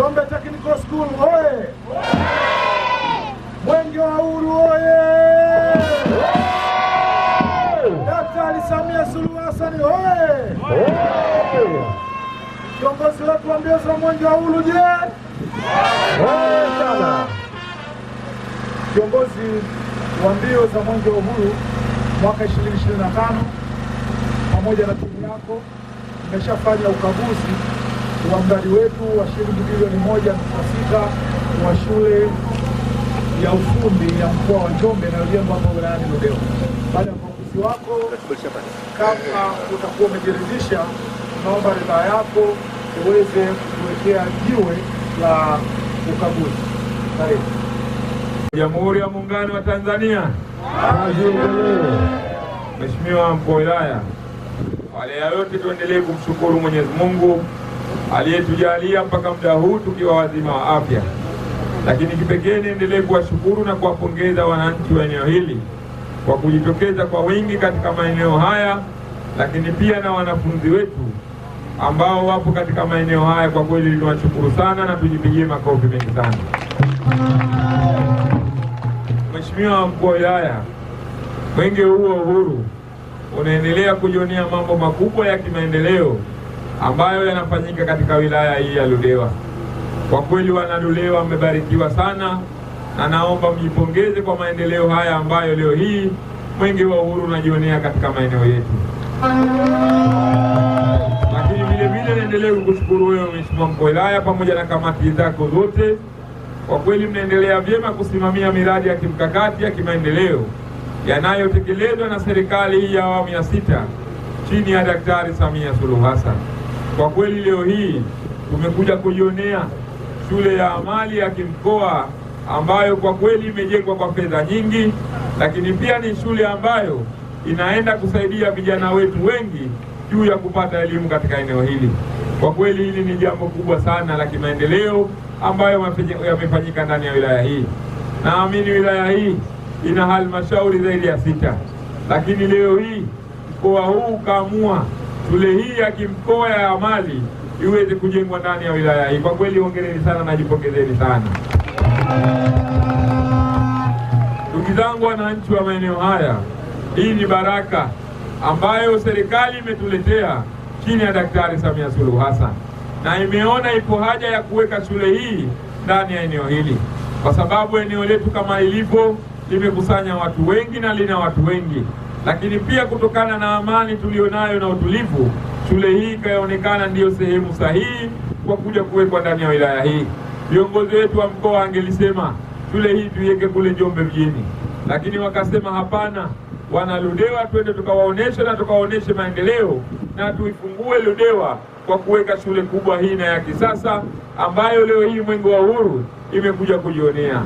Njombe Technical School oye! Mwenge wa Uhuru oye! Daktari Samia Suluhu Hassan oye! Kiongozi wetu wa mbio za Mwenge wa Uhuru je? kiongozi wa mbio za Mwenge wa Uhuru mwaka 2025 pamoja na timu yako imeshafanya ukaguzi wa mradi wetu wa shilingi bilioni moja nukta sita wa shule ya ufundi ya mkoa wa Njombe inayojengwa hapa wilayani Ludewa. Baada ya ukaguzi wako, kama utakuwa umejiridhisha, naomba ridhaa yako uweze kuwekea jiwe la ukaguzi. Karibu. Jamhuri ya Muungano wa Tanzania. Mheshimiwa mkuu wa wilaya, wale yote tuendelee kumshukuru Mwenyezi Mungu aliyetujalia mpaka muda huu tukiwa wazima wa afya. Lakini kipekee niendelee kuwashukuru na kuwapongeza wananchi wa eneo hili kwa kujitokeza kwa wingi katika maeneo haya, lakini pia na wanafunzi wetu ambao wapo katika maeneo haya. Kwa kweli tunawashukuru sana na tujipigie makofi mengi sana. Mheshimiwa Mkuu wa Wilaya, mwenge huu wa uhuru unaendelea kujionea mambo makubwa ya kimaendeleo ambayo yanafanyika katika wilaya hii ya Ludewa. Kwa kweli, wana Ludewa mmebarikiwa sana, na naomba mjipongeze kwa maendeleo haya ambayo leo hii Mwenge wa Uhuru unajionea katika maeneo yetu. Lakini vile vile naendelea kukushukuru wewe Mheshimiwa mkuu wa wilaya pamoja na kamati zako zote, kwa kweli mnaendelea vyema kusimamia miradi ya kimkakati ya kimaendeleo yanayotekelezwa na serikali hii ya awamu ya sita chini ya Daktari Samia Suluhu Hassan. Kwa kweli leo hii tumekuja kujionea shule ya amali ya kimkoa ambayo kwa kweli imejengwa kwa fedha nyingi, lakini pia ni shule ambayo inaenda kusaidia vijana wetu wengi juu ya kupata elimu katika eneo hili. Kwa kweli hili ni jambo kubwa sana la kimaendeleo ambayo yamefanyika ndani ya wilaya hii. Naamini wilaya hii ina halmashauri zaidi ya sita, lakini leo hii mkoa huu ukaamua shule hii ya kimkoa ya amali iweze kujengwa ndani ya wilaya hii. Kwa kweli hongereni sana na jipongezeni sana ndugu zangu wananchi wa maeneo haya. Hii ni baraka ambayo serikali imetuletea chini ya Daktari Samia Suluhu Hassan, na imeona ipo haja ya kuweka shule hii ndani ya eneo hili, kwa sababu eneo letu kama ilivyo limekusanya watu wengi na lina watu wengi lakini pia kutokana na amani tuliyonayo na utulivu, shule hii ikaonekana ndiyo sehemu sahihi kwa kuja kuwekwa ndani ya wilaya hii. Viongozi wetu wa mkoa angelisema shule hii tuiweke kule Njombe mjini, lakini wakasema hapana, wana Ludewa twende tukawaoneshe na tukawaoneshe maendeleo na tuifungue Ludewa kwa kuweka shule kubwa hii na ya kisasa ambayo leo hii Mwenge wa Uhuru imekuja kujionea.